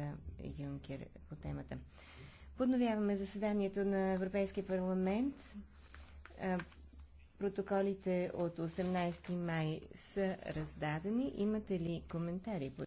комисията Юнкер по темата. Подновяваме заседанието на Европейския парламент. Протоколите от 18 май са раздадени. Имате ли коментари?